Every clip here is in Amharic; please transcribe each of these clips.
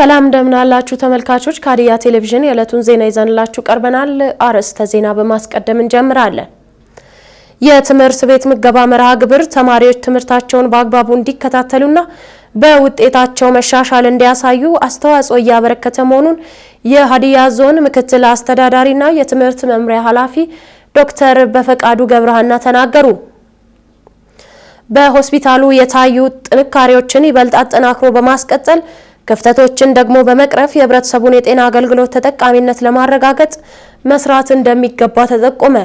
ሰላም እንደምናላችሁ ተመልካቾች። ሀዲያ ቴሌቪዥን የዕለቱን ዜና ይዘንላችሁ ቀርበናል። አርዕስተ ዜና በማስቀደም እንጀምራለን። የትምህርት ቤት ምገባ መርሃ ግብር ተማሪዎች ትምህርታቸውን በአግባቡ እንዲከታተሉና በውጤታቸው መሻሻል እንዲያሳዩ አስተዋጽኦ እያበረከተ መሆኑን የሀዲያ ዞን ምክትል አስተዳዳሪና የትምህርት መምሪያ ኃላፊ ዶክተር በፈቃዱ ገብረሃና ተናገሩ። በሆስፒታሉ የታዩ ጥንካሬዎችን ይበልጥ አጠናክሮ በማስቀጠል ክፍተቶችን ደግሞ በመቅረፍ የህብረተሰቡን የጤና አገልግሎት ተጠቃሚነት ለማረጋገጥ መስራት እንደሚገባ ተጠቆመ።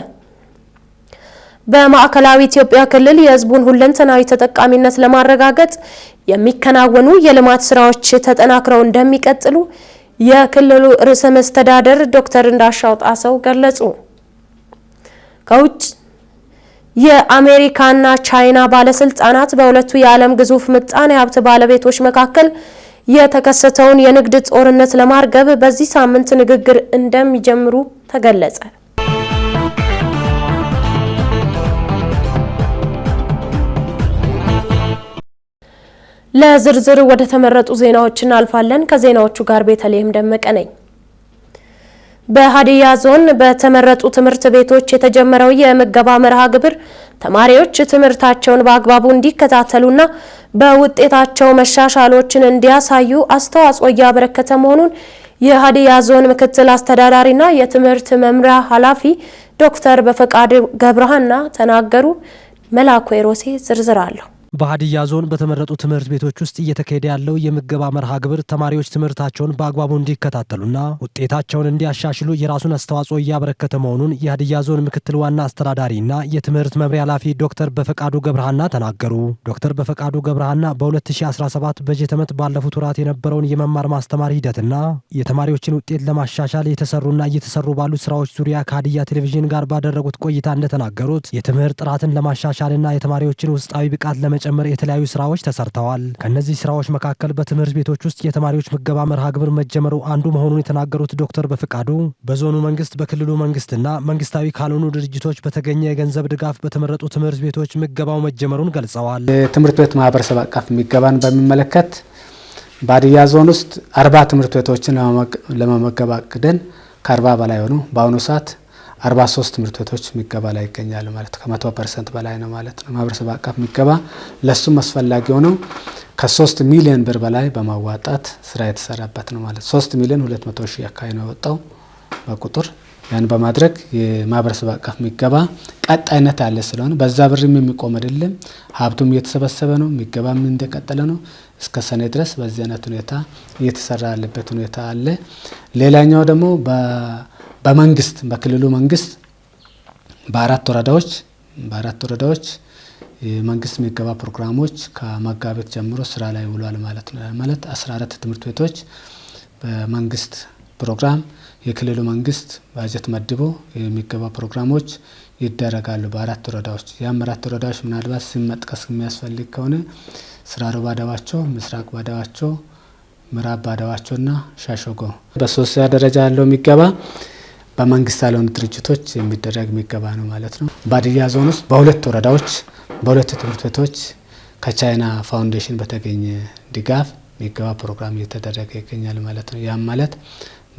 በማዕከላዊ ኢትዮጵያ ክልል የህዝቡን ሁለንተናዊ ተጠቃሚነት ለማረጋገጥ የሚከናወኑ የልማት ስራዎች ተጠናክረው እንደሚቀጥሉ የክልሉ ርዕሰ መስተዳደር ዶክተር እንዳሻው ጣሰው ገለጹ። ከውጭ የአሜሪካና ቻይና ባለስልጣናት በሁለቱ የዓለም ግዙፍ ምጣኔ ሀብት ባለቤቶች መካከል የተከሰተውን የንግድ ጦርነት ለማርገብ በዚህ ሳምንት ንግግር እንደሚጀምሩ ተገለጸ። ለዝርዝር ወደ ተመረጡ ዜናዎች እናልፋለን። ከዜናዎቹ ጋር ቤተልሔም ደመቀ ነኝ። በሀዲያ ዞን በተመረጡ ትምህርት ቤቶች የተጀመረው የምገባ መርሃ ግብር ተማሪዎች ትምህርታቸውን በአግባቡ እንዲከታተሉና በውጤታቸው መሻሻሎችን እንዲያሳዩ አስተዋጽኦ እያበረከተ መሆኑን የሀዲያ ዞን ምክትል አስተዳዳሪና የትምህርት መምሪያ ኃላፊ ዶክተር በፈቃድ ገብረሃና ተናገሩ። መላኩ ሮሴ ዝርዝር አለሁ። በሀዲያ ዞን በተመረጡ ትምህርት ቤቶች ውስጥ እየተካሄደ ያለው የምገባ መርሃ ግብር ተማሪዎች ትምህርታቸውን በአግባቡ እንዲከታተሉና ውጤታቸውን እንዲያሻሽሉ የራሱን አስተዋጽኦ እያበረከተ መሆኑን የሀዲያ ዞን ምክትል ዋና አስተዳዳሪና የትምህርት መምሪያ ኃላፊ ዶክተር በፈቃዱ ገብረሃና ተናገሩ። ዶክተር በፈቃዱ ገብረሃና በ2017 በጀት ዓመት ባለፉት ወራት የነበረውን የመማር ማስተማር ሂደትና የተማሪዎችን ውጤት ለማሻሻል የተሰሩና እየተሰሩ ባሉ ስራዎች ዙሪያ ከሀዲያ ቴሌቪዥን ጋር ባደረጉት ቆይታ እንደተናገሩት የትምህርት ጥራትን ለማሻሻልና የተማሪዎችን ውስጣዊ ብቃት ለመ ጭምር የተለያዩ ስራዎች ተሰርተዋል። ከእነዚህ ስራዎች መካከል በትምህርት ቤቶች ውስጥ የተማሪዎች ምገባ መርሃ ግብር መጀመሩ አንዱ መሆኑን የተናገሩት ዶክተር በፍቃዱ በዞኑ መንግስት፣ በክልሉ መንግስትና መንግስታዊ ካልሆኑ ድርጅቶች በተገኘ የገንዘብ ድጋፍ በተመረጡ ትምህርት ቤቶች ምገባው መጀመሩን ገልጸዋል። የትምህርት ቤት ማህበረሰብ አቀፍ ምገባን በሚመለከት በሀዲያ ዞን ውስጥ አርባ ትምህርት ቤቶችን ለመመገብ አቅደን ከአርባ በላይ ሆኑ በአሁኑ ሰዓት 43 ትምህርት ቤቶች ምገባ ላይ ይገኛሉ ማለት ከመቶ ፐርሰንት በላይ ነው ማለት ነው። ማህበረሰብ አቀፍ ምገባ ለሱም አስፈላጊ ሆነው ከሶስት ሚሊዮን ብር በላይ በማዋጣት ስራ የተሰራበት ነው ማለት 3 ሚሊዮን 200 ሺህ አካባቢ ነው የወጣው በቁጥር ያን በማድረግ የማህበረሰብ አቀፍ ሚገባ ቀጣይነት ያለ ስለሆነ በዛ ብርም የሚቆም አይደለም። ሀብቱም እየተሰበሰበ ነው፣ ሚገባም እንደቀጠለ ነው። እስከ ሰኔ ድረስ በዚህ አይነት ሁኔታ እየተሰራ ያለበት ሁኔታ አለ። ሌላኛው ደግሞ በመንግስት በክልሉ መንግስት በአራት ወረዳዎች በአራት ወረዳዎች የመንግስት ምገባ ፕሮግራሞች ከመጋቢት ጀምሮ ስራ ላይ ውሏል ማለት ነው። ማለት 14 ትምህርት ቤቶች በመንግስት ፕሮግራም የክልሉ መንግስት ባጀት መድቦ የሚገባ ፕሮግራሞች ይደረጋሉ በአራት ወረዳዎች። ያም አራት ወረዳዎች ምናልባት ስም መጥቀስ የሚያስፈልግ ከሆነ ስራሮ ባደባቸው፣ ምስራቅ ባዳዋቸው፣ ምዕራብ ባዳዋቸውና ሻሸጎ። በሶስተኛ ደረጃ ያለው የሚገባ በመንግስት ያልሆኑ ድርጅቶች የሚደረግ የሚገባ ነው ማለት ነው። ባድያ ዞን ውስጥ በሁለት ወረዳዎች በሁለት ትምህርት ቤቶች ከቻይና ፋውንዴሽን በተገኘ ድጋፍ የሚገባ ፕሮግራም እየተደረገ ይገኛል ማለት ነው። ያም ማለት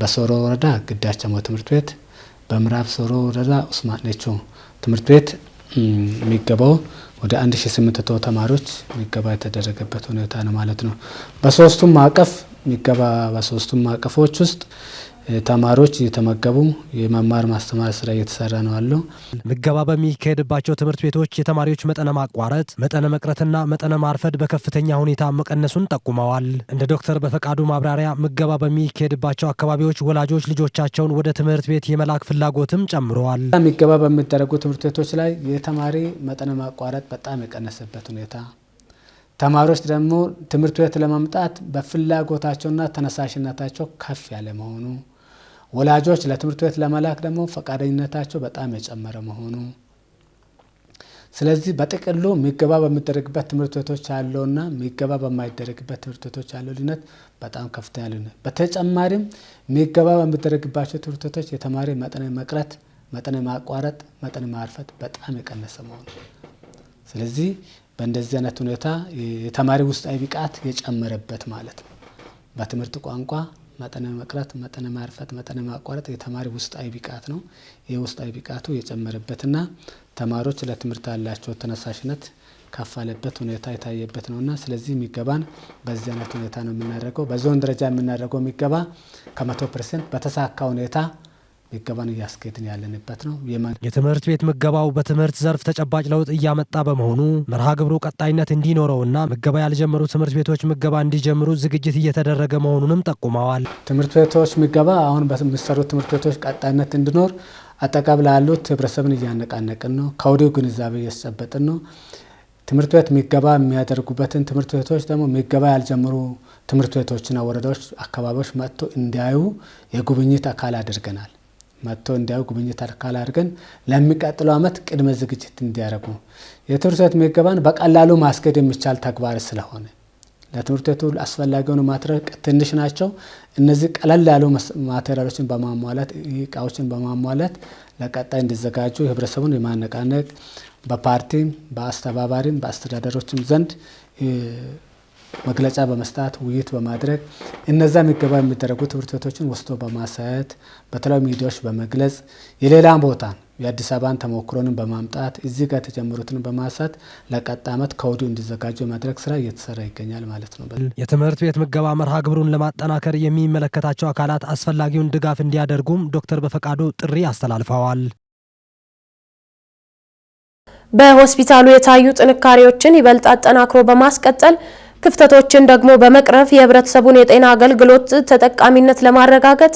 በሶሮ ወረዳ ግዳቸሞ ትምህርት ቤት፣ በምዕራብ ሶሮ ወረዳ ኡስማኔቾ ትምህርት ቤት የሚገባው ወደ 1800 ተማሪዎች የሚገባ የተደረገበት ሁኔታ ነው ማለት ነው። በሶስቱም ማዕቀፍ የሚገባ በሶስቱም ማዕቀፎች ውስጥ ተማሪዎች እየተመገቡ የመማር ማስተማር ስራ እየተሰራ ነው ያለው። ምገባ በሚካሄድባቸው ትምህርት ቤቶች የተማሪዎች መጠነ ማቋረጥ፣ መጠነ መቅረትና መጠነ ማርፈድ በከፍተኛ ሁኔታ መቀነሱን ጠቁመዋል። እንደ ዶክተር በፈቃዱ ማብራሪያ ምገባ በሚካሄድባቸው አካባቢዎች ወላጆች ልጆቻቸውን ወደ ትምህርት ቤት የመላክ ፍላጎትም ጨምረዋል። ምገባ በሚደረጉ ትምህርት ቤቶች ላይ የተማሪ መጠነ ማቋረጥ በጣም የቀነሰበት ሁኔታ ተማሪዎች ደግሞ ትምህርት ቤት ለመምጣት በፍላጎታቸውና ተነሳሽነታቸው ከፍ ያለ መሆኑ ወላጆች ለትምህርት ቤት ለመላክ ደግሞ ፈቃደኝነታቸው በጣም የጨመረ መሆኑ ስለዚህ በጥቅሉ ሚገባ በሚደረግበት ትምህርት ቤቶች ያለውና ሚገባ በማይደረግበት ትምህርት ቤቶች ያለው ልዩነት በጣም ከፍተኛ ልዩነት። በተጨማሪም ሚገባ በሚደረግባቸው ትምህርት ቤቶች የተማሪ መጠነ መቅረት፣ መጠነ ማቋረጥ፣ መጠነ ማርፈት በጣም የቀነሰ መሆኑ ስለዚህ በእንደዚህ አይነት ሁኔታ የተማሪ ውስጣዊ ብቃት የጨመረበት ማለት ነው በትምህርት ቋንቋ መጠነ መቅረት፣ መጠነ ማርፈት፣ መጠነ ማቋረጥ የተማሪ ውስጣዊ ብቃት ነው። ይህ ውስጣዊ ብቃቱ የጨመረበትና ተማሪዎች ለትምህርት ያላቸው ተነሳሽነት ከፍ ሁኔታ የታየበት ነውና ስለዚህ የሚገባን በዚህ አይነት ሁኔታ ነው የምናደርገው። በዞን ደረጃ የምናደርገው የሚገባ ከመቶ ፐርሰንት በተሳካ ሁኔታ ምገባን እያስኬድን ያለንበት ነው። የትምህርት ቤት ምገባው በትምህርት ዘርፍ ተጨባጭ ለውጥ እያመጣ በመሆኑ መርሃ ግብሩ ቀጣይነት እንዲኖረውና ምገባ ያልጀመሩ ትምህርት ቤቶች ምገባ እንዲጀምሩ ዝግጅት እየተደረገ መሆኑንም ጠቁመዋል። ትምህርት ቤቶች ምገባ አሁን በሚሰሩት ትምህርት ቤቶች ቀጣይነት እንዲኖር አጠቃብ ላሉት ህብረተሰብን እያነቃነቅን ነው። ከወዲሁ ግንዛቤ እያስጨበጥን ነው። ትምህርት ቤት ምገባ የሚያደርጉበትን ትምህርት ቤቶች ደግሞ ምገባ ያልጀመሩ ትምህርት ቤቶችና ወረዳዎች፣ አካባቢዎች መጥቶ እንዲያዩ የጉብኝት አካል አድርገናል። መጥቶ እንዲያው ጉብኝት አካል አድርገን ለሚቀጥለው ዓመት ቅድመ ዝግጅት እንዲያደርጉ የትምህርት ቤት ምገባን በቀላሉ ማስገድ የሚቻል ተግባር ስለሆነ ለትምህርት ቤቱ አስፈላጊውን ማትረቅ ትንሽ ናቸው። እነዚህ ቀለል ያሉ ማቴሪያሎችን በማሟላት እቃዎችን በማሟላት ለቀጣይ እንዲዘጋጁ ህብረተሰቡን የማነቃነቅ በፓርቲም በአስተባባሪም በአስተዳደሮችም ዘንድ መግለጫ በመስጣት ውይይት በማድረግ እነዛ የሚገባ የሚደረጉ ትምህርት ቤቶችን ወስዶ በማሳየት በተለያዩ ሚዲያዎች በመግለጽ የሌላ ቦታን የአዲስ አበባን ተሞክሮንም በማምጣት እዚህ ጋር የተጀመሩትን በማሳት ለቀጣይ ዓመት ከወዲሁ እንዲዘጋጁ የማድረግ ስራ እየተሰራ ይገኛል ማለት ነው። የትምህርት ቤት ምገባ መርሃ ግብሩን ለማጠናከር የሚመለከታቸው አካላት አስፈላጊውን ድጋፍ እንዲያደርጉም ዶክተር በፈቃዱ ጥሪ አስተላልፈዋል። በሆስፒታሉ የታዩ ጥንካሬዎችን ይበልጥ አጠናክሮ በማስቀጠል ክፍተቶችን ደግሞ በመቅረፍ የህብረተሰቡን የጤና አገልግሎት ተጠቃሚነት ለማረጋገጥ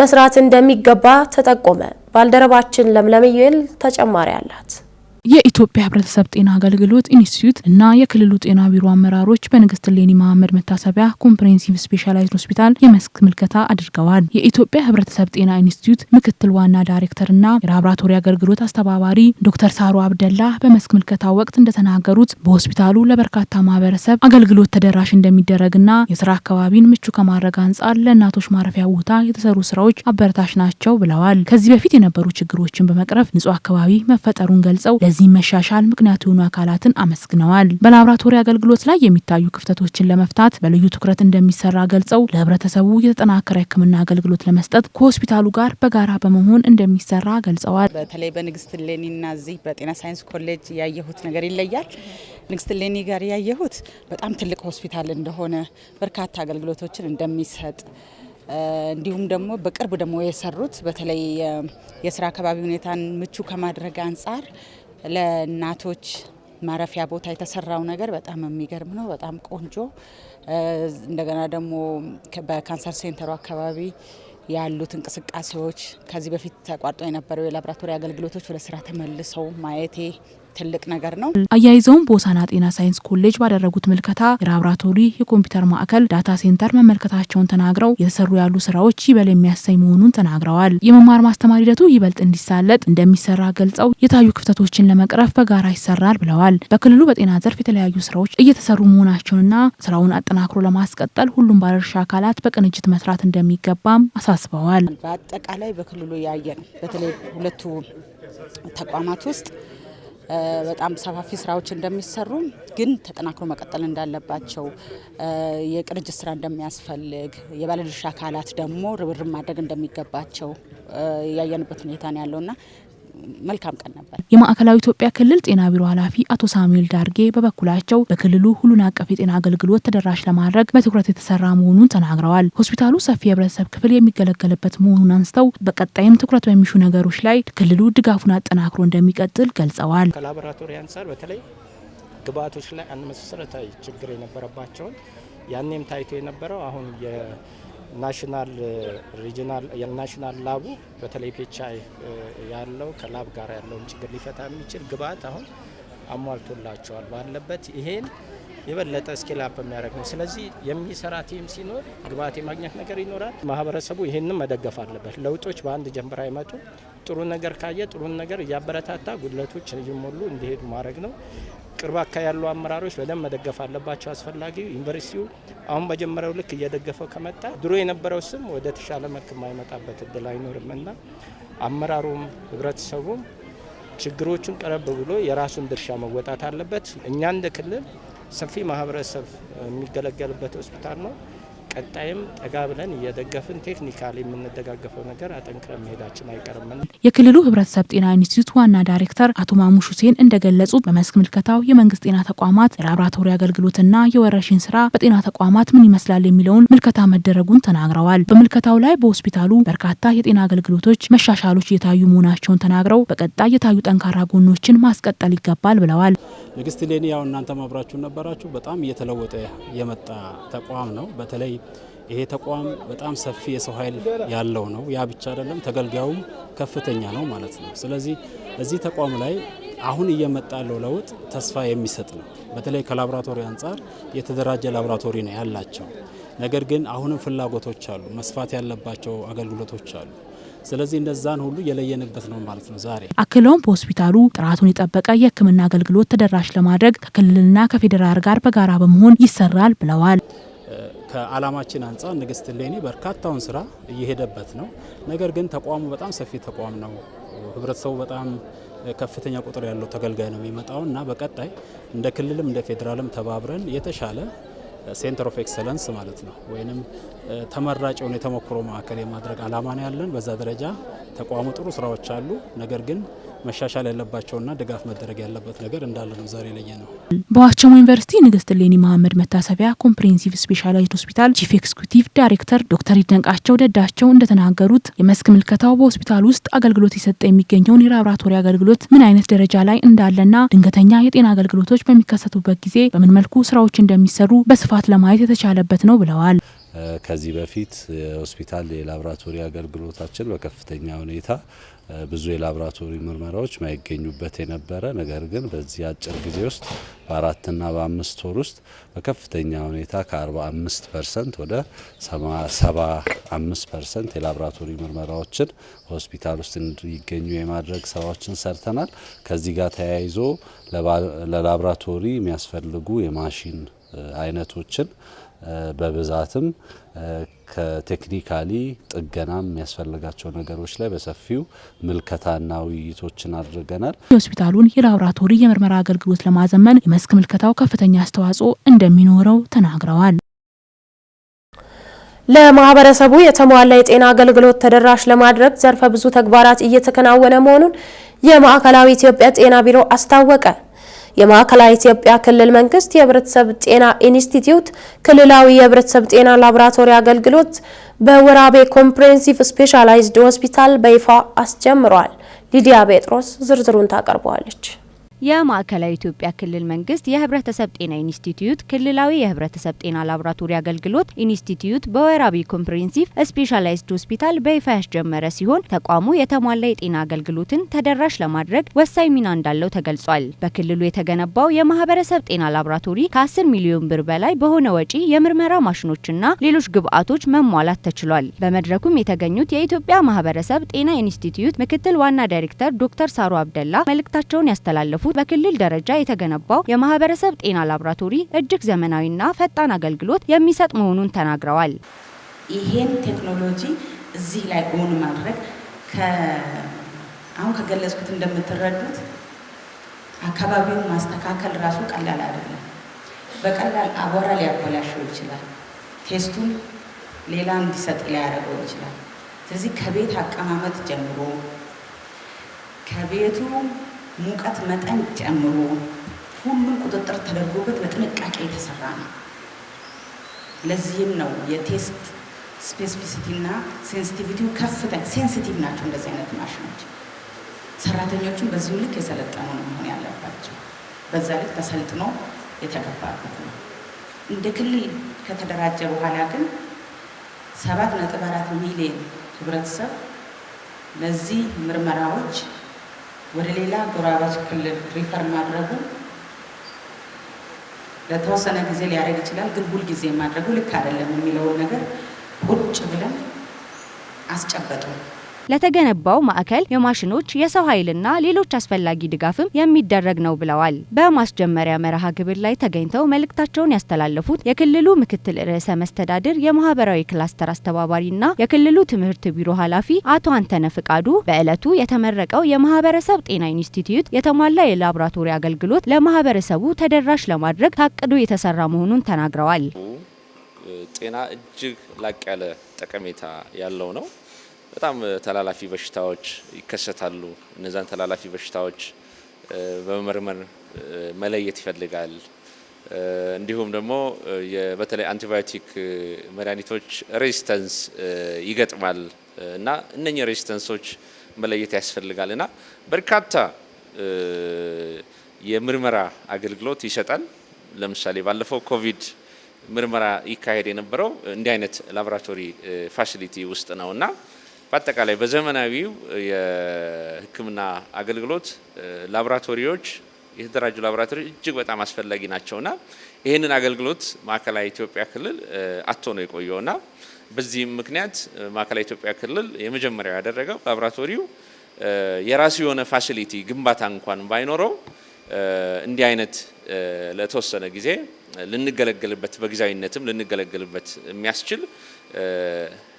መስራት እንደሚገባ ተጠቆመ። ባልደረባችን ለምለም ዩኤል ተጨማሪ አላት። የኢትዮጵያ ህብረተሰብ ጤና አገልግሎት ኢንስቲትዩት እና የክልሉ ጤና ቢሮ አመራሮች በንግስት ሌኒ መሐመድ መታሰቢያ ኮምፕሬሄንሲቭ ስፔሻላይዝድ ሆስፒታል የመስክ ምልከታ አድርገዋል። የኢትዮጵያ ህብረተሰብ ጤና ኢንስቲትዩት ምክትል ዋና ዳይሬክተር እና የላብራቶሪ አገልግሎት አስተባባሪ ዶክተር ሳሮ አብደላ በመስክ ምልከታ ወቅት እንደተናገሩት በሆስፒታሉ ለበርካታ ማህበረሰብ አገልግሎት ተደራሽ እንደሚደረግና የስራ አካባቢን ምቹ ከማድረግ አንጻር ለእናቶች ማረፊያ ቦታ የተሰሩ ስራዎች አበረታሽ ናቸው ብለዋል። ከዚህ በፊት የነበሩ ችግሮችን በመቅረፍ ንጹህ አካባቢ መፈጠሩን ገልጸው ለዚህ መሻሻል ምክንያት የሆኑ አካላትን አመስግነዋል። በላብራቶሪ አገልግሎት ላይ የሚታዩ ክፍተቶችን ለመፍታት በልዩ ትኩረት እንደሚሰራ ገልጸው ለህብረተሰቡ የተጠናከረ ህክምና አገልግሎት ለመስጠት ከሆስፒታሉ ጋር በጋራ በመሆን እንደሚሰራ ገልጸዋል። በተለይ በንግስት ሌኒና እዚህ በጤና ሳይንስ ኮሌጅ ያየሁት ነገር ይለያል። ንግስት ሌኒ ጋር ያየሁት በጣም ትልቅ ሆስፒታል እንደሆነ በርካታ አገልግሎቶችን እንደሚሰጥ እንዲሁም ደግሞ በቅርብ ደግሞ የሰሩት በተለይ የስራ አካባቢ ሁኔታን ምቹ ከማድረግ አንጻር ለእናቶች ማረፊያ ቦታ የተሰራው ነገር በጣም የሚገርም ነው። በጣም ቆንጆ እንደገና ደግሞ በካንሰር ሴንተሩ አካባቢ ያሉት እንቅስቃሴዎች ከዚህ በፊት ተቋርጦ የነበረው የላብራቶሪ አገልግሎቶች ወደ ስራ ተመልሰው ማየቴ ትልቅ ነገር ነው። አያይዘውም ቦሳና ጤና ሳይንስ ኮሌጅ ባደረጉት ምልከታ የላብራቶሪ የኮምፒውተር ማዕከል ዳታ ሴንተር መመልከታቸውን ተናግረው የተሰሩ ያሉ ስራዎች ይበል የሚያሰኝ መሆኑን ተናግረዋል። የመማር ማስተማር ሂደቱ ይበልጥ እንዲሳለጥ እንደሚሰራ ገልጸው የታዩ ክፍተቶችን ለመቅረፍ በጋራ ይሰራል ብለዋል። በክልሉ በጤና ዘርፍ የተለያዩ ስራዎች እየተሰሩ መሆናቸውንና ስራውን አጠናክሮ ለማስቀጠል ሁሉም ባለድርሻ አካላት በቅንጅት መስራት እንደሚገባም አሳስበዋል። በአጠቃላይ በክልሉ ያየ ነው በተለይ ሁለቱ ተቋማት ውስጥ በጣም ሰፋፊ ስራዎች እንደሚሰሩ ግን ተጠናክሮ መቀጠል እንዳለባቸው፣ የቅንጅት ስራ እንደሚያስፈልግ፣ የባለድርሻ አካላት ደግሞ ርብርብ ማድረግ እንደሚገባቸው ያየንበት ሁኔታ ነው ያለውና መልካም ቀን ነበር። የማዕከላዊ ኢትዮጵያ ክልል ጤና ቢሮ ኃላፊ አቶ ሳሙኤል ዳርጌ በበኩላቸው በክልሉ ሁሉን አቀፍ የጤና አገልግሎት ተደራሽ ለማድረግ በትኩረት የተሰራ መሆኑን ተናግረዋል። ሆስፒታሉ ሰፊ የህብረተሰብ ክፍል የሚገለገልበት መሆኑን አንስተው በቀጣይም ትኩረት በሚሹ ነገሮች ላይ ክልሉ ድጋፉን አጠናክሮ እንደሚቀጥል ገልጸዋል። ከላቦራቶሪ አንጻር በተለይ ግብአቶች ላይ አንድ መሰረታዊ ችግር የነበረባቸውን ያኔም ታይቶ የነበረው አሁን ናሽናል ሪጂናል የናሽናል ላቡ በተለይ ፔቻይ ያለው ከላብ ጋር ያለውን ችግር ሊፈታ የሚችል ግብአት አሁን አሟልቶላቸዋል ባለበት ይሄን የበለጠ ስኬል አፕ የሚያደርግ ነው። ስለዚህ የሚሰራ ቲም ሲኖር ግብአት የማግኘት ነገር ይኖራል። ማህበረሰቡ ይህንም መደገፍ አለበት። ለውጦች በአንድ ጀንበር አይመጡ። ጥሩ ነገር ካየ ጥሩን ነገር እያበረታታ ጉድለቶች እየሞሉ እንዲሄዱ ማድረግ ነው። ቅርብ አካባቢ ያሉ አመራሮች በደንብ መደገፍ አለባቸው። አስፈላጊ ዩኒቨርሲቲው አሁን በጀመረው ልክ እየደገፈው ከመጣ ድሮ የነበረው ስም ወደ ተሻለ መልክ የማይመጣበት እድል አይኖርም እና አመራሩም ህብረተሰቡም ችግሮቹን ቀረብ ብሎ የራሱን ድርሻ መወጣት አለበት። እኛ እንደ ክልል ሰፊ ማህበረሰብ የሚገለገልበት ሆስፒታል ነው። ቀጣይም ጠጋ ብለን እየደገፍን ቴክኒካል የምንደጋገፈው ነገር አጠንክረን መሄዳችን አይቀርም። የክልሉ ህብረተሰብ ጤና ኢንስቲትዩት ዋና ዳይሬክተር አቶ ማሙሽ ሁሴን እንደገለጹት በመስክ ምልከታው የመንግስት ጤና ተቋማት የላብራቶሪ አገልግሎትና የወረርሽኝ ስራ በጤና ተቋማት ምን ይመስላል የሚለውን ምልከታ መደረጉን ተናግረዋል። በምልከታው ላይ በሆስፒታሉ በርካታ የጤና አገልግሎቶች መሻሻሎች እየታዩ መሆናቸውን ተናግረው በቀጣይ የታዩ ጠንካራ ጎኖችን ማስቀጠል ይገባል ብለዋል። ንግስት ሌኒ ያው እናንተም ማብራችሁ ነበራችሁ። በጣም እየተለወጠ የመጣ ተቋም ነው። በተለይ ይሄ ተቋም በጣም ሰፊ የሰው ኃይል ያለው ነው። ያ ብቻ አይደለም፣ ተገልጋዩም ከፍተኛ ነው ማለት ነው። ስለዚህ እዚህ ተቋም ላይ አሁን እየመጣ ያለው ለውጥ ተስፋ የሚሰጥ ነው። በተለይ ከላቦራቶሪ አንጻር የተደራጀ ላቦራቶሪ ነው ያላቸው። ነገር ግን አሁንም ፍላጎቶች አሉ፣ መስፋት ያለባቸው አገልግሎቶች አሉ። ስለዚህ እነዛን ሁሉ የለየንበት ነው ማለት ነው ዛሬ። አክለውም በሆስፒታሉ ጥራቱን የጠበቀ የሕክምና አገልግሎት ተደራሽ ለማድረግ ከክልልና ከፌዴራል ጋር በጋራ በመሆን ይሰራል ብለዋል። ከዓላማችን አንጻር ንግስት ሌኒ በርካታውን ስራ እየሄደበት ነው። ነገር ግን ተቋሙ በጣም ሰፊ ተቋም ነው። ህብረተሰቡ በጣም ከፍተኛ ቁጥር ያለው ተገልጋይ ነው የሚመጣው እና በቀጣይ እንደ ክልልም እንደ ፌዴራልም ተባብረን የተሻለ ሴንተር ኦፍ ኤክሰለንስ ማለት ነው ወይም ተመራጭ የሆነ የተሞክሮ ማዕከል የማድረግ ዓላማ ነው ያለን። በዛ ደረጃ ተቋሙ ጥሩ ስራዎች አሉ ነገር ግን መሻሻል ያለባቸውና ድጋፍ መደረግ ያለበት ነገር እንዳለ ነው ዛሬ ለየ ነው። በዋቸሞ ዩኒቨርሲቲ ንግስት ሌኒ መሀመድ መታሰቢያ ኮምፕሬሄንሲቭ ስፔሻላይዝድ ሆስፒታል ቺፍ ኤግዚኩቲቭ ዳይሬክተር ዶክተር ይደንቃቸው ደዳቸው እንደተናገሩት የመስክ ምልከታው በሆስፒታል ውስጥ አገልግሎት የሰጠ የሚገኘውን የላብራቶሪ አገልግሎት ምን አይነት ደረጃ ላይ እንዳለና ድንገተኛ የጤና አገልግሎቶች በሚከሰቱበት ጊዜ በምን መልኩ ስራዎች እንደሚሰሩ በስፋት ለማየት የተቻለበት ነው ብለዋል። ከዚህ በፊት የሆስፒታል የላብራቶሪ አገልግሎታችን በከፍተኛ ሁኔታ ብዙ የላብራቶሪ ምርመራዎች ማይገኙበት የነበረ ነገር ግን በዚህ አጭር ጊዜ ውስጥ በአራትና በአምስት ወር ውስጥ በከፍተኛ ሁኔታ ከ45 ፐርሰንት ወደ 75 ፐርሰንት የላብራቶሪ ምርመራዎችን ሆስፒታል ውስጥ እንዲገኙ የማድረግ ስራዎችን ሰርተናል። ከዚህ ጋር ተያይዞ ለላብራቶሪ የሚያስፈልጉ የማሽን አይነቶችን በብዛትም ከቴክኒካሊ ጥገና የሚያስፈልጋቸው ነገሮች ላይ በሰፊው ምልከታና ውይይቶችን አድርገናል። የሆስፒታሉን የላቦራቶሪ የምርመራ አገልግሎት ለማዘመን የመስክ ምልከታው ከፍተኛ አስተዋጽኦ እንደሚኖረው ተናግረዋል። ለማህበረሰቡ የተሟላ የጤና አገልግሎት ተደራሽ ለማድረግ ዘርፈ ብዙ ተግባራት እየተከናወነ መሆኑን የማዕከላዊ ኢትዮጵያ ጤና ቢሮ አስታወቀ። የማዕከላዊ ኢትዮጵያ ክልል መንግስት የህብረተሰብ ጤና ኢንስቲትዩት ክልላዊ የህብረተሰብ ጤና ላቦራቶሪ አገልግሎት በወራቤ ኮምፕሬሄንሲቭ ስፔሻላይዝድ ሆስፒታል በይፋ አስጀምሯል። ሊዲያ ጴጥሮስ ዝርዝሩን ታቀርበዋለች። የማዕከላዊ ኢትዮጵያ ክልል መንግስት የህብረተሰብ ጤና ኢንስቲትዩት ክልላዊ የህብረተሰብ ጤና ላቦራቶሪ አገልግሎት ኢንስቲትዩት በወራቢ ኮምፕሬሄንሲቭ ስፔሻላይዝድ ሆስፒታል በይፋ ያስጀመረ ሲሆን ተቋሙ የተሟላ የጤና አገልግሎትን ተደራሽ ለማድረግ ወሳኝ ሚና እንዳለው ተገልጿል። በክልሉ የተገነባው የማህበረሰብ ጤና ላቦራቶሪ ከ10 ሚሊዮን ብር በላይ በሆነ ወጪ የምርመራ ማሽኖችና ሌሎች ግብአቶች መሟላት ተችሏል። በመድረኩም የተገኙት የኢትዮጵያ ማህበረሰብ ጤና ኢንስቲትዩት ምክትል ዋና ዳይሬክተር ዶክተር ሳሩ አብደላ መልእክታቸውን ያስተላለፉ ባለፉት በክልል ደረጃ የተገነባው የማህበረሰብ ጤና ላብራቶሪ እጅግ ዘመናዊና ፈጣን አገልግሎት የሚሰጥ መሆኑን ተናግረዋል። ይሄን ቴክኖሎጂ እዚህ ላይ ጎን ማድረግ አሁን ከገለጽኩት እንደምትረዱት አካባቢውን ማስተካከል ራሱ ቀላል አይደለም። በቀላል አቧራ ሊያበላሸው ይችላል። ቴስቱን ሌላ እንዲሰጥ ሊያደርገው ይችላል። ስለዚህ ከቤት አቀማመጥ ጀምሮ ከቤቱ ሙቀት መጠን ጨምሮ ሁሉም ቁጥጥር ተደርጎበት በጥንቃቄ የተሰራ ነው። ለዚህም ነው የቴስት ስፔሲፊሲቲ እና ሴንሲቲቪቲው ከፍተኛ ሴንሲቲቭ ናቸው። እንደዚህ አይነት ማሽኖች ሰራተኞቹን በዚሁ ልክ የሰለጠኑ ነው መሆን ያለባቸው። በዛ ልክ ተሰልጥኖ የተገባበት ነው። እንደ ክልል ከተደራጀ በኋላ ግን ሰባት ነጥብ አራት ሚሊዮን ህብረተሰብ ለዚህ ምርመራዎች ወደ ሌላ ጎራባች ክልል ሪፈር ማድረጉ ለተወሰነ ጊዜ ሊያደግ ይችላል፣ ግን ጊዜ ማድረጉ ልክ አይደለም የሚለውን ነገር ቁጭ ብለን አስጨበጡ። ለተገነባው ማዕከል የማሽኖች የሰው ኃይልና ሌሎች አስፈላጊ ድጋፍም የሚደረግ ነው ብለዋል። በማስጀመሪያ መርሃ ግብር ላይ ተገኝተው መልእክታቸውን ያስተላለፉት የክልሉ ምክትል ርዕሰ መስተዳድር የማህበራዊ ክላስተር አስተባባሪና የክልሉ ትምህርት ቢሮ ኃላፊ አቶ አንተነ ፍቃዱ በዕለቱ የተመረቀው የማህበረሰብ ጤና ኢንስቲትዩት የተሟላ የላቦራቶሪ አገልግሎት ለማህበረሰቡ ተደራሽ ለማድረግ ታቅዶ የተሰራ መሆኑን ተናግረዋል። ጤና እጅግ ላቅ ያለ ጠቀሜታ ያለው ነው። በጣም ተላላፊ በሽታዎች ይከሰታሉ። እነዛን ተላላፊ በሽታዎች በመመርመር መለየት ይፈልጋል። እንዲሁም ደግሞ በተለይ አንቲባዮቲክ መድኃኒቶች ሬዚስተንስ ይገጥማል እና እነኚህ ሬዚስተንሶች መለየት ያስፈልጋል እና በርካታ የምርመራ አገልግሎት ይሰጣል። ለምሳሌ ባለፈው ኮቪድ ምርመራ ይካሄድ የነበረው እንዲህ አይነት ላቦራቶሪ ፋሲሊቲ ውስጥ ነው እና በአጠቃላይ በዘመናዊው የሕክምና አገልግሎት ላቦራቶሪዎች የተደራጁ ላቦራቶሪዎች እጅግ በጣም አስፈላጊ ናቸውና ይህንን አገልግሎት ማዕከላዊ ኢትዮጵያ ክልል አቶ ነው የቆየውና በዚህም ምክንያት ማዕከላዊ ኢትዮጵያ ክልል የመጀመሪያው ያደረገው ላቦራቶሪው የራሱ የሆነ ፋሲሊቲ ግንባታ እንኳን ባይኖረው እንዲህ አይነት ለተወሰነ ጊዜ ልንገለገልበት በጊዜያዊነትም ልንገለገልበት የሚያስችል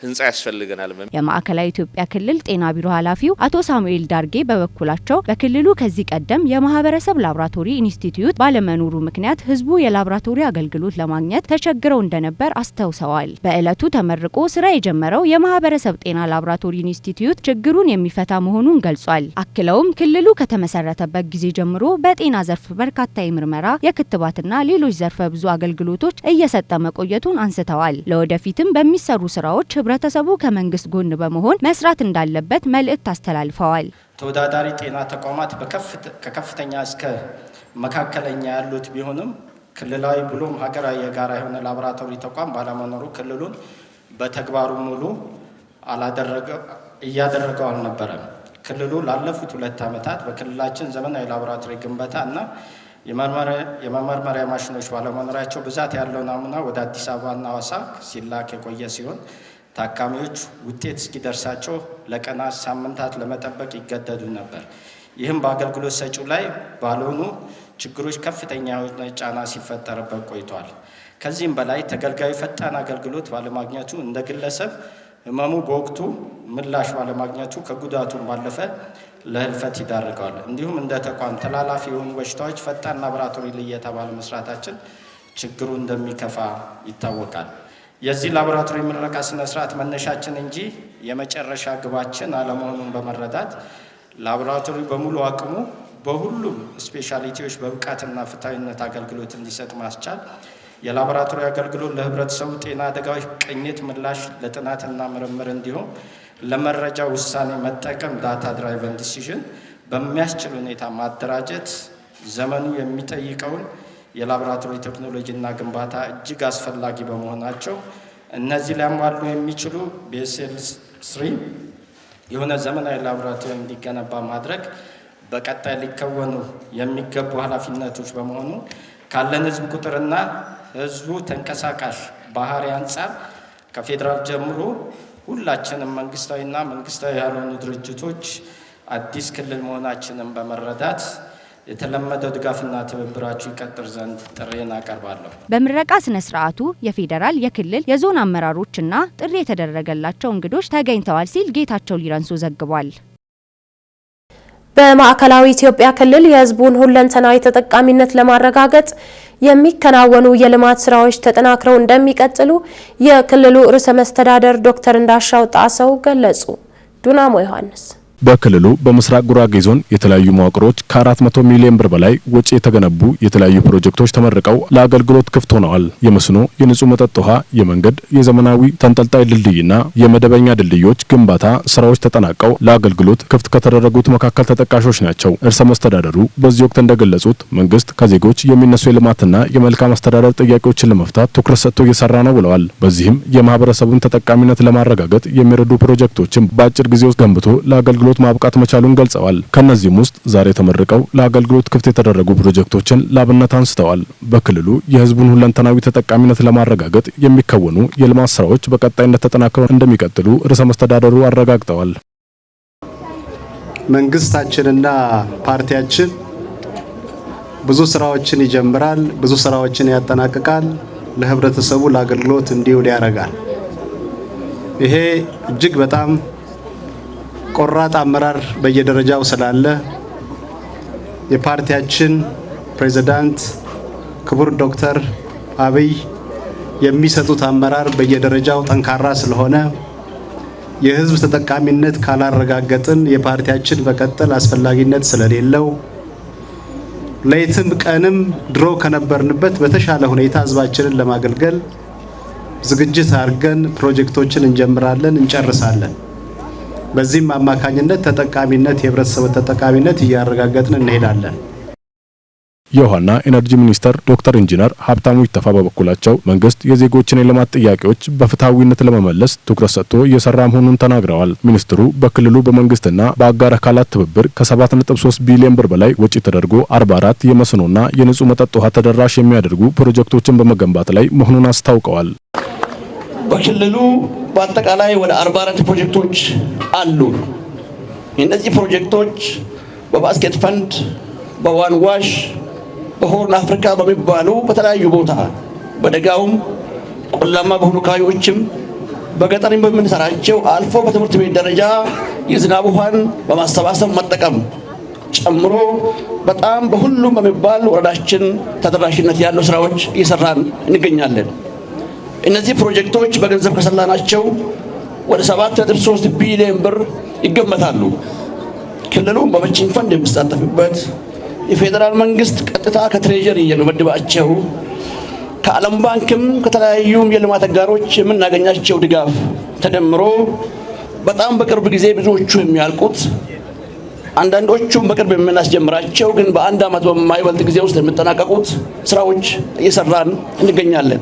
ህንጻ ያስፈልገናል። የማዕከላዊ ኢትዮጵያ ክልል ጤና ቢሮ ኃላፊው አቶ ሳሙኤል ዳርጌ በበኩላቸው በክልሉ ከዚህ ቀደም የማህበረሰብ ላብራቶሪ ኢንስቲትዩት ባለመኖሩ ምክንያት ህዝቡ የላብራቶሪ አገልግሎት ለማግኘት ተቸግረው እንደነበር አስታውሰዋል። በዕለቱ ተመርቆ ስራ የጀመረው የማህበረሰብ ጤና ላብራቶሪ ኢንስቲትዩት ችግሩን የሚፈታ መሆኑን ገልጿል። አክለውም ክልሉ ከተመሰረተበት ጊዜ ጀምሮ በጤና ዘርፍ በርካታ የምርመራ የክትባትና ሌሎች ዘርፈ ብዙ አገልግሎቶች እየሰጠ መቆየቱን አንስተዋል። ለወደፊትም በሚ ለሚሰሩ ስራዎች ህብረተሰቡ ከመንግስት ጎን በመሆን መስራት እንዳለበት መልእክት አስተላልፈዋል። ተወዳዳሪ ጤና ተቋማት ከከፍተኛ እስከ መካከለኛ ያሉት ቢሆንም ክልላዊ ብሎም ሀገራዊ የጋራ የሆነ ላቦራቶሪ ተቋም ባለመኖሩ ክልሉን በተግባሩ ሙሉ እያደረገው አልነበረም። ክልሉ ላለፉት ሁለት ዓመታት በክልላችን ዘመናዊ ላቦራቶሪ ግንባታ እና የመመርመሪያ ማሽኖች ባለመኖራቸው ብዛት ያለው ናሙና ወደ አዲስ አበባና ሐዋሳ ሲላክ የቆየ ሲሆን ታካሚዎች ውጤት እስኪደርሳቸው ለቀናት፣ ሳምንታት ለመጠበቅ ይገደዱ ነበር። ይህም በአገልግሎት ሰጪው ላይ ባልሆኑ ችግሮች ከፍተኛ የሆነ ጫና ሲፈጠርበት ቆይቷል። ከዚህም በላይ ተገልጋዩ ፈጣን አገልግሎት ባለማግኘቱ እንደ ግለሰብ ህመሙ በወቅቱ ምላሽ ባለማግኘቱ ከጉዳቱን ባለፈ ለህልፈት ይዳርገዋል። እንዲሁም እንደ ተቋም ተላላፊ የሆኑ በሽታዎች ፈጣን ላቦራቶሪ እየተባለ መስራታችን ችግሩ እንደሚከፋ ይታወቃል። የዚህ ላቦራቶሪ ምረቃ ስነ ስርዓት መነሻችን እንጂ የመጨረሻ ግባችን አለመሆኑን በመረዳት ላቦራቶሪ በሙሉ አቅሙ በሁሉም ስፔሻሊቲዎች በብቃትና ፍትሐዊነት አገልግሎት እንዲሰጥ ማስቻል የላቦራቶሪ አገልግሎት ለህብረተሰቡ ጤና አደጋዎች ቅኝት ምላሽ ለጥናትና ምርምር እንዲሁም ለመረጃ ውሳኔ መጠቀም ዳታ ድራይቨን ዲሲዥን በሚያስችል ሁኔታ ማደራጀት ዘመኑ የሚጠይቀውን የላቦራቶሪ ቴክኖሎጂና ግንባታ እጅግ አስፈላጊ በመሆናቸው እነዚህ ሊያሟሉ የሚችሉ ቤሴል ስሪ የሆነ ዘመናዊ ላቦራቶሪ እንዲገነባ ማድረግ በቀጣይ ሊከወኑ የሚገቡ ኃላፊነቶች በመሆኑ ካለን ህዝብ ቁጥርና ህዝቡ ተንቀሳቃሽ ባህሪ አንጻር ከፌዴራል ጀምሮ ሁላችንም መንግስታዊና መንግስታዊ ያልሆኑ ድርጅቶች አዲስ ክልል መሆናችንን በመረዳት የተለመደው ድጋፍና ትብብራችሁ ይቀጥር ዘንድ ጥሬን አቀርባለሁ። በምረቃ ስነ ስርዓቱ የፌዴራል የክልል የዞን አመራሮችና ጥሪ የተደረገላቸው እንግዶች ተገኝተዋል ሲል ጌታቸው ሊረንሱ ዘግቧል። በማዕከላዊ ኢትዮጵያ ክልል የህዝቡን ሁለንተናዊ ተጠቃሚነት ለማረጋገጥ የሚከናወኑ የልማት ስራዎች ተጠናክረው እንደሚቀጥሉ የክልሉ ርዕሰ መስተዳደር ዶክተር እንዳሻው ጣሰው ገለጹ። ዱናሞ ዮሐንስ በክልሉ በምስራቅ ጉራጌ ዞን የተለያዩ መዋቅሮች ከ400 ሚሊዮን ብር በላይ ወጪ የተገነቡ የተለያዩ ፕሮጀክቶች ተመርቀው ለአገልግሎት ክፍት ሆነዋል። የመስኖ፣ የንጹህ መጠጥ ውሃ፣ የመንገድ፣ የዘመናዊ ተንጠልጣይ ድልድይና የመደበኛ ድልድዮች ግንባታ ስራዎች ተጠናቀው ለአገልግሎት ክፍት ከተደረጉት መካከል ተጠቃሾች ናቸው። እርሰ መስተዳደሩ በዚህ ወቅት እንደገለጹት መንግስት ከዜጎች የሚነሱ የልማትና የመልካም አስተዳደር ጥያቄዎችን ለመፍታት ትኩረት ሰጥቶ እየሰራ ነው ብለዋል። በዚህም የማህበረሰቡን ተጠቃሚነት ለማረጋገጥ የሚረዱ ፕሮጀክቶችን በአጭር ጊዜ ውስጥ ገንብቶ ለአገልግሎት አገልግሎት ማብቃት መቻሉን ገልጸዋል። ከነዚህም ውስጥ ዛሬ ተመርቀው ለአገልግሎት ክፍት የተደረጉ ፕሮጀክቶችን ላብነት አንስተዋል። በክልሉ የህዝቡን ሁለንተናዊ ተጠቃሚነት ለማረጋገጥ የሚከወኑ የልማት ስራዎች በቀጣይነት ተጠናክረው እንደሚቀጥሉ ርዕሰ መስተዳደሩ አረጋግጠዋል። መንግስታችንና ፓርቲያችን ብዙ ስራዎችን ይጀምራል፣ ብዙ ስራዎችን ያጠናቅቃል፣ ለህብረተሰቡ ለአገልግሎት እንዲውል ያደርጋል። ይሄ እጅግ በጣም ቆራጥ አመራር በየደረጃው ስላለ የፓርቲያችን ፕሬዝዳንት ክቡር ዶክተር አብይ የሚሰጡት አመራር በየደረጃው ጠንካራ ስለሆነ የህዝብ ተጠቃሚነት ካላረጋገጥን የፓርቲያችን መቀጠል አስፈላጊነት ስለሌለው ለይትም ቀንም ድሮ ከነበርንበት በተሻለ ሁኔታ ህዝባችንን ለማገልገል ዝግጅት አድርገን ፕሮጀክቶችን እንጀምራለን፣ እንጨርሳለን። በዚህም አማካኝነት ተጠቃሚነት የህብረተሰብ ተጠቃሚነት እያረጋገጥን እንሄዳለን። የውሃና ኢነርጂ ሚኒስተር ዶክተር ኢንጂነር ሀብታሙ ይተፋ በበኩላቸው መንግስት የዜጎችን የልማት ጥያቄዎች በፍትሐዊነት ለመመለስ ትኩረት ሰጥቶ እየሰራ መሆኑን ተናግረዋል። ሚኒስትሩ በክልሉ በመንግስትና በአጋር አካላት ትብብር ከ7.3 ቢሊዮን ብር በላይ ወጪ ተደርጎ 44 የመስኖና የንጹህ መጠጥ ውሃ ተደራሽ የሚያደርጉ ፕሮጀክቶችን በመገንባት ላይ መሆኑን አስታውቀዋል። በክልሉ በአጠቃላይ ወደ 44 ፕሮጀክቶች አሉ። እነዚህ ፕሮጀክቶች በባስኬት ፈንድ፣ በዋንዋሽ፣ በሆርን አፍሪካ በሚባሉ በተለያዩ ቦታ በደጋውም ቆላማ በሆኑ አካባቢዎችም በገጠርም በምንሰራቸው አልፎ በትምህርት ቤት ደረጃ የዝናብ ውሃን በማሰባሰብ መጠቀም ጨምሮ በጣም በሁሉም በሚባል ወረዳችን ተደራሽነት ያለው ስራዎች እየሰራን እንገኛለን። እነዚህ ፕሮጀክቶች በገንዘብ ከሰላናቸው ወደ 7.3 ቢሊዮን ብር ይገመታሉ። ክልሉም በመንግስት ፈንድ የሚሳተፍበት የፌዴራል መንግስት ቀጥታ ከትሬጀሪ የሚመድባቸው ከዓለም ባንክም ከተለያዩም የልማት አጋሮች የምናገኛቸው ድጋፍ ተደምሮ በጣም በቅርብ ጊዜ ብዙዎቹ የሚያልቁት አንዳንዶቹም በቅርብ የምናስጀምራቸው ግን በአንድ ዓመት በማይበልጥ ጊዜ ውስጥ የሚጠናቀቁት ስራዎች እየሰራን እንገኛለን።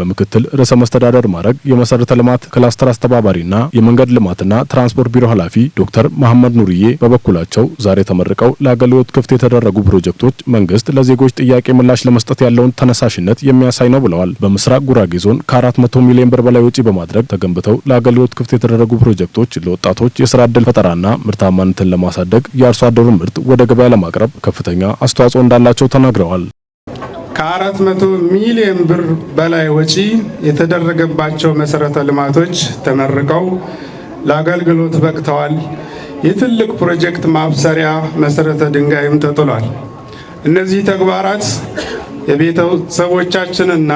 በምክትል ርዕሰ መስተዳደር ማዕረግ የመሰረተ ልማት ክላስተር አስተባባሪና የመንገድ ልማትና ትራንስፖርት ቢሮ ኃላፊ ዶክተር መሐመድ ኑርዬ በበኩላቸው ዛሬ ተመርቀው ለአገልግሎት ክፍት የተደረጉ ፕሮጀክቶች መንግስት ለዜጎች ጥያቄ ምላሽ ለመስጠት ያለውን ተነሳሽነት የሚያሳይ ነው ብለዋል። በምስራቅ ጉራጌ ዞን ከ400 ሚሊዮን ብር በላይ ወጪ በማድረግ ተገንብተው ለአገልግሎት ክፍት የተደረጉ ፕሮጀክቶች ለወጣቶች የስራ ዕድል ፈጠራና ምርታማነትን ለማሳደግ የአርሶ አደሩን ምርት ወደ ገበያ ለማቅረብ ከፍተኛ አስተዋጽኦ እንዳላቸው ተናግረዋል። ከአራት መቶ ሚሊዮን ብር በላይ ወጪ የተደረገባቸው መሰረተ ልማቶች ተመርቀው ለአገልግሎት በቅተዋል። የትልቅ ፕሮጀክት ማብሰሪያ መሰረተ ድንጋይም ተጥሏል። እነዚህ ተግባራት የቤተሰቦቻችንና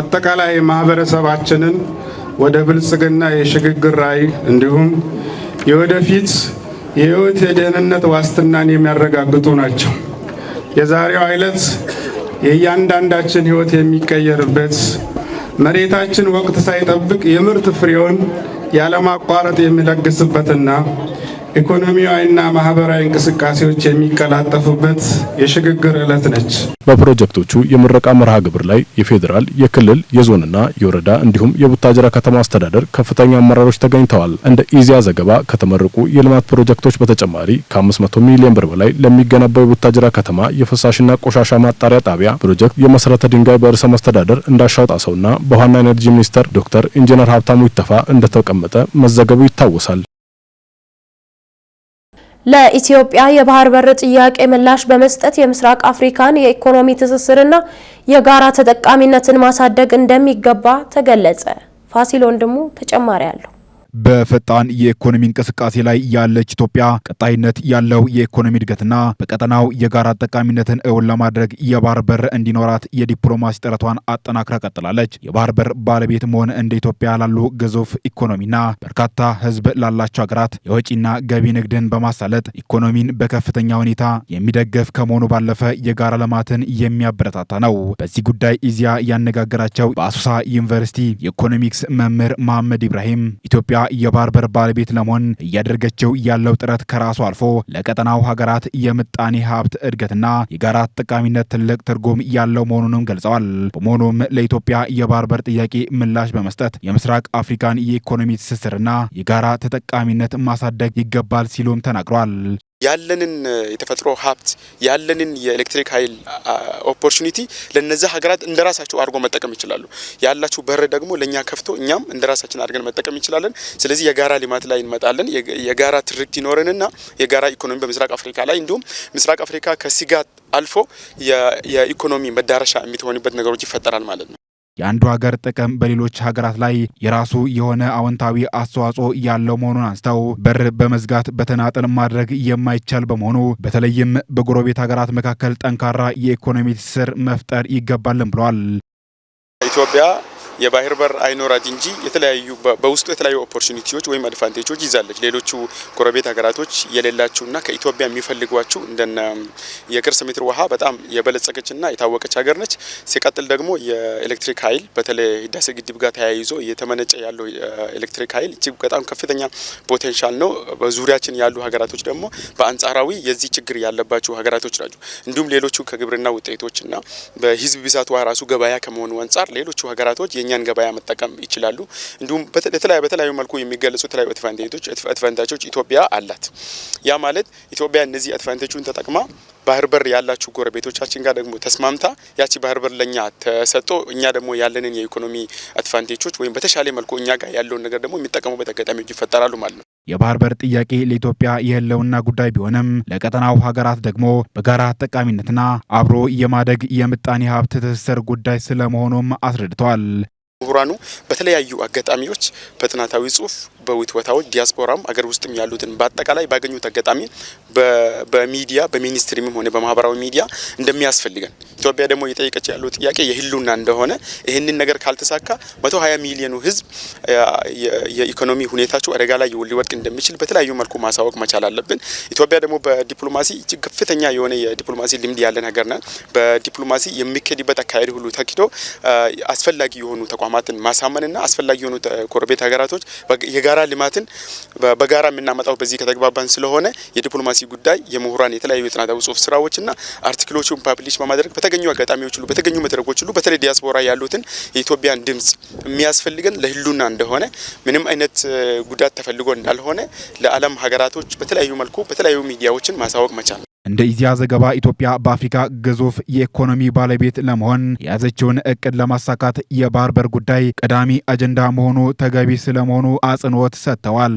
አጠቃላይ ማህበረሰባችንን ወደ ብልጽግና የሽግግር ራዕይ እንዲሁም የወደፊት የህይወት የደህንነት ዋስትናን የሚያረጋግጡ ናቸው። የዛሬው ዕለት የእያንዳንዳችን ሕይወት የሚቀየርበት መሬታችን ወቅት ሳይጠብቅ የምርት ፍሬውን ያለማቋረጥ የሚለግስበትና ኢኮኖሚያዊና ማህበራዊ እንቅስቃሴዎች የሚቀላጠፉበት የሽግግር ዕለት ነች። በፕሮጀክቶቹ የምረቃ መርሃ ግብር ላይ የፌዴራል፣ የክልል፣ የዞንና የወረዳ እንዲሁም የቡታጅራ ከተማ አስተዳደር ከፍተኛ አመራሮች ተገኝተዋል። እንደ ኢዜአ ዘገባ ከተመረቁ የልማት ፕሮጀክቶች በተጨማሪ ከ500 ሚሊዮን ብር በላይ ለሚገነባው የቡታጅራ ከተማ የፍሳሽና ቆሻሻ ማጣሪያ ጣቢያ ፕሮጀክት የመሰረተ ድንጋይ በርዕሰ መስተዳደር እንዳሻው ጣሰውና በዋና ኤነርጂ ሚኒስተር ዶክተር ኢንጂነር ሀብታሙ ይተፋ እንደተቀመጠ መዘገቡ ይታወሳል። ለኢትዮጵያ የባህር በር ጥያቄ ምላሽ በመስጠት የምስራቅ አፍሪካን የኢኮኖሚ ትስስርና የጋራ ተጠቃሚነትን ማሳደግ እንደሚገባ ተገለጸ። ፋሲል ወንድሙ ተጨማሪ አለው። በፈጣን የኢኮኖሚ እንቅስቃሴ ላይ ያለች ኢትዮጵያ ቀጣይነት ያለው የኢኮኖሚ እድገትና በቀጠናው የጋራ ጠቃሚነትን እውን ለማድረግ የባህር በር እንዲኖራት የዲፕሎማሲ ጥረቷን አጠናክራ ቀጥላለች። የባህር በር ባለቤት መሆን እንደ ኢትዮጵያ ላሉ ግዙፍ ኢኮኖሚና በርካታ ሕዝብ ላላቸው ሀገራት የወጪና ገቢ ንግድን በማሳለጥ ኢኮኖሚን በከፍተኛ ሁኔታ የሚደገፍ ከመሆኑ ባለፈ የጋራ ልማትን የሚያበረታታ ነው። በዚህ ጉዳይ ኢዜአ ያነጋገራቸው በአሶሳ ዩኒቨርሲቲ የኢኮኖሚክስ መምህር መሐመድ ኢብራሂም ኢትዮጵያ የባርበር ባለቤት ለመሆን እያደረገችው ያለው ጥረት ከራሱ አልፎ ለቀጠናው ሀገራት የምጣኔ ሀብት እድገትና የጋራ ተጠቃሚነት ትልቅ ትርጉም ያለው መሆኑንም ገልጸዋል። በመሆኑም ለኢትዮጵያ የባርበር ጥያቄ ምላሽ በመስጠት የምስራቅ አፍሪካን የኢኮኖሚ ትስስርና የጋራ ተጠቃሚነት ማሳደግ ይገባል ሲሉም ተናግረዋል። ያለንን የተፈጥሮ ሀብት ያለንን የኤሌክትሪክ ኃይል ኦፖርቹኒቲ ለነዛ ሀገራት እንደራሳቸው አድርጎ መጠቀም ይችላሉ። ያላቸው በር ደግሞ ለእኛ ከፍቶ እኛም ራሳችን አድርገን መጠቀም እንችላለን። ስለዚህ የጋራ ልማት ላይ እንመጣለን። የጋራ ትርክት ይኖረንና የጋራ ኢኮኖሚ በምስራቅ አፍሪካ ላይ እንዲሁም ምስራቅ አፍሪካ ከስጋት አልፎ የኢኮኖሚ መዳረሻ የሚትሆንበት ነገሮች ይፈጠራል ማለት ነው። የአንዱ ሀገር ጥቅም በሌሎች ሀገራት ላይ የራሱ የሆነ አዎንታዊ አስተዋጽኦ ያለው መሆኑን አንስተው በር በመዝጋት በተናጠል ማድረግ የማይቻል በመሆኑ በተለይም በጎረቤት ሀገራት መካከል ጠንካራ የኢኮኖሚ ትስስር መፍጠር ይገባልን ብለዋል። ኢትዮጵያ የባህር በር አይኖራት እንጂ የተለያዩ በውስጡ የተለያዩ ኦፖርቹኒቲዎች ወይም አድቫንቴጆች ይዛለች። ሌሎቹ ጎረቤት ሀገራቶች የሌላችሁና ከኢትዮጵያ የሚፈልጓችሁ እንደነ የቅርስ ምድር ውሃ በጣም የበለጸገችና የታወቀች ሀገር ነች። ሲቀጥል ደግሞ የኤሌክትሪክ ኃይል በተለይ ህዳሴ ግድብ ጋር ተያይዞ እየተመነጨ ያለው ኤሌክትሪክ ኃይል እጅግ በጣም ከፍተኛ ፖቴንሻል ነው። በዙሪያችን ያሉ ሀገራቶች ደግሞ በአንጻራዊ የዚህ ችግር ያለባቸው ሀገራቶች ናቸው። እንዲሁም ሌሎቹ ከግብርና ውጤቶችና በህዝብ ብዛት ውሃ ራሱ ገበያ ከመሆኑ አንጻር ሌሎቹ ሀገራቶች የእኛን ገበያ መጠቀም ይችላሉ። እንዲሁም በተለያዩ መልኩ የሚገለጹ የተለያዩ አድቫንቴጆች አድቫንቴጆች ኢትዮጵያ አላት። ያ ማለት ኢትዮጵያ እነዚህ አድቫንቴጆችን ተጠቅማ ባህር በር ያላችሁ ጎረቤቶቻችን ጋር ደግሞ ተስማምታ ያቺ ባህር በር ለኛ ተሰጥቶ እኛ ደግሞ ያለንን የኢኮኖሚ አድቫንቴጆች ወይም በተሻለ መልኩ እኛ ጋር ያለውን ነገር ደግሞ የሚጠቀሙበት አጋጣሚዎች ይፈጠራሉ ማለት ነው። የባህር በር ጥያቄ ለኢትዮጵያ የህልውና ጉዳይ ቢሆንም ለቀጠናው ሀገራት ደግሞ በጋራ ጠቃሚነትና አብሮ የማደግ የምጣኔ ሀብት ትስስር ጉዳይ ስለመሆኑም አስረድተዋል። ምሁራኑ በተለያዩ አጋጣሚዎች በጥናታዊ ጽሁፍ በውትወታዎች ዲያስፖራም አገር ውስጥም ያሉትን በአጠቃላይ ባገኙት አጋጣሚ በሚዲያ በሚኒስትሪም ሆነ በማህበራዊ ሚዲያ እንደሚያስፈልገን ኢትዮጵያ ደግሞ እየጠየቀች ያለው ጥያቄ የህልውና እንደሆነ ይህንን ነገር ካልተሳካ መቶ ሀያ ሚሊዮኑ ህዝብ የኢኮኖሚ ሁኔታቸው አደጋ ላይ ሊወድቅ እንደሚችል በተለያዩ መልኩ ማሳወቅ መቻል አለብን። ኢትዮጵያ ደግሞ በዲፕሎማሲ እጅግ ከፍተኛ የሆነ የዲፕሎማሲ ልምድ ያለን ሀገር ነን። በዲፕሎማሲ የሚካሄድበት አካሄድ ሁሉ ተኪዶ አስፈላጊ የሆኑ ተቋማ ተቋማትን ማሳመንና አስፈላጊ የሆኑ ጎረቤት ሀገራቶች የጋራ ልማትን በጋራ የምናመጣው በዚህ ከተግባባን ስለሆነ የዲፕሎማሲ ጉዳይ የምሁራን የተለያዩ የጥናታዊ ጽሁፍ ስራዎችና አርቲክሎችን ፓብሊሽ በማድረግ በተገኙ አጋጣሚዎች ሁሉ በተገኙ መድረኮች ሁሉ በተለይ ዲያስፖራ ያሉትን የኢትዮጵያን ድምጽ የሚያስፈልገን ለህሉና እንደሆነ ምንም አይነት ጉዳት ተፈልጎ እንዳልሆነ ለዓለም ሀገራቶች በተለያዩ መልኩ በተለያዩ ሚዲያዎችን ማሳወቅ መቻል እንደ ኢዜአ ዘገባ ኢትዮጵያ በአፍሪካ ግዙፍ የኢኮኖሚ ባለቤት ለመሆን የያዘችውን እቅድ ለማሳካት የባህር በር ጉዳይ ቀዳሚ አጀንዳ መሆኑ ተገቢ ስለመሆኑ አጽንኦት ሰጥተዋል።